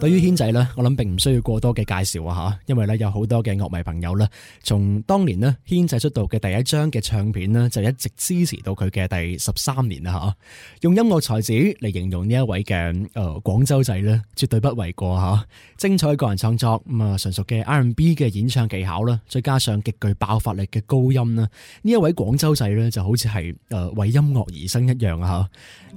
對於軒仔呢，我諗並唔需要過多嘅介紹啊嚇，因為呢，有好多嘅樂迷朋友呢，從當年呢軒仔出道嘅第一張嘅唱片呢，就一直支持到佢嘅第十三年啦嚇。用音樂才子嚟形容呢一位嘅誒、呃、廣州仔呢，絕對不為過嚇。精彩個人創作咁啊、呃，純熟嘅 R&B 嘅演唱技巧啦，再加上極具爆發力嘅高音啦，呢一位廣州仔呢，就好似係誒為音樂而生一樣啊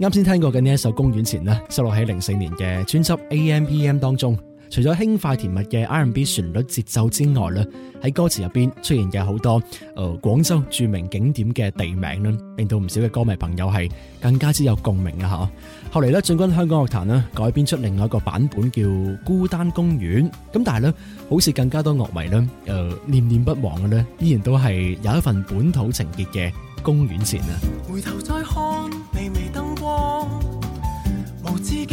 嚇。啱先聽過嘅呢一首《公園前》呢，收落喺零四年嘅專輯 A M P 當中，除咗輕快甜蜜嘅 R&B 旋律節奏之外呢，喺歌詞入邊出現嘅好多誒廣州著名景點嘅地名咧，令到唔少嘅歌迷朋友係更加之有共鳴啦吓。後嚟咧進軍香港樂壇咧，改編出另外一個版本叫《孤單公園》，咁但係呢好似更加多樂迷咧誒、呃、念念不忘嘅呢依然都係有一份本土情結嘅公園前啊。回頭再看微微燈光，無知。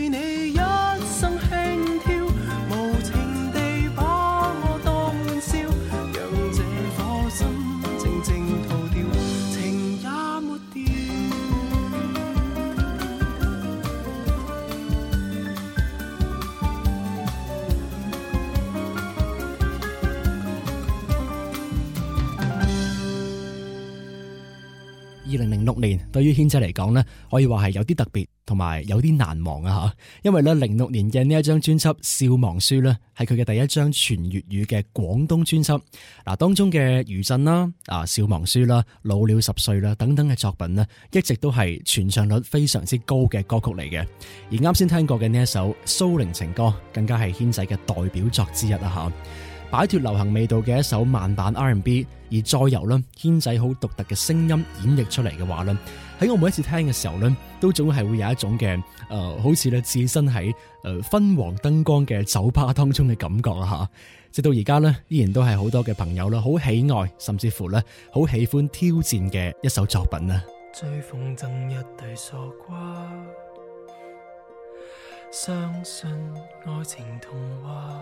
六年對於軒仔嚟講呢，可以話係有啲特別，同埋有啲難忘啊吓，因為咧零六年嘅，呢一張專輯《笑忘書》呢，係佢嘅第一張全粵語嘅廣東專輯。嗱，當中嘅餘震啦、啊《笑忘書》啦、老了十歲啦等等嘅作品呢，一直都係傳唱率非常之高嘅歌曲嚟嘅。而啱先聽過嘅呢一首《蘇寧情歌》，更加係軒仔嘅代表作之一啊吓。擺脫流行味道嘅一首慢板 R&B，而再由呢軒仔好獨特嘅聲音演繹出嚟嘅話呢，喺我每一次聽嘅時候呢，都總係會有一種嘅誒、呃，好似呢置身喺誒昏黃燈光嘅酒吧當中嘅感覺啊吓！直到而家呢，依然都係好多嘅朋友啦，好喜愛，甚至乎呢好喜歡挑戰嘅一首作品啊！追風箏一對傻瓜，相信愛情童話。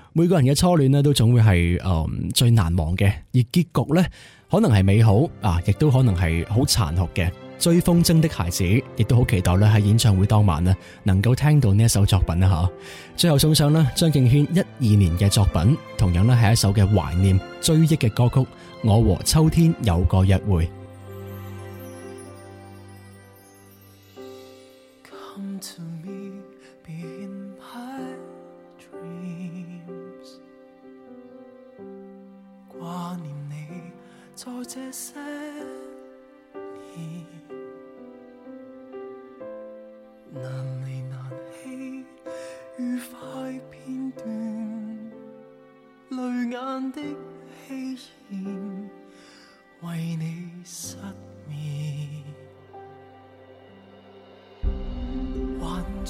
每個人嘅初戀呢，都總會係最難忘嘅，而結局呢，可能係美好啊，亦都可能係好殘酷嘅。追風箏的孩子，亦都好期待呢喺演唱會當晚能夠聽到呢一首作品啊吓。最後送上呢張敬軒一二年嘅作品，同樣呢係一首嘅懷念追憶嘅歌曲《我和秋天有個約會》。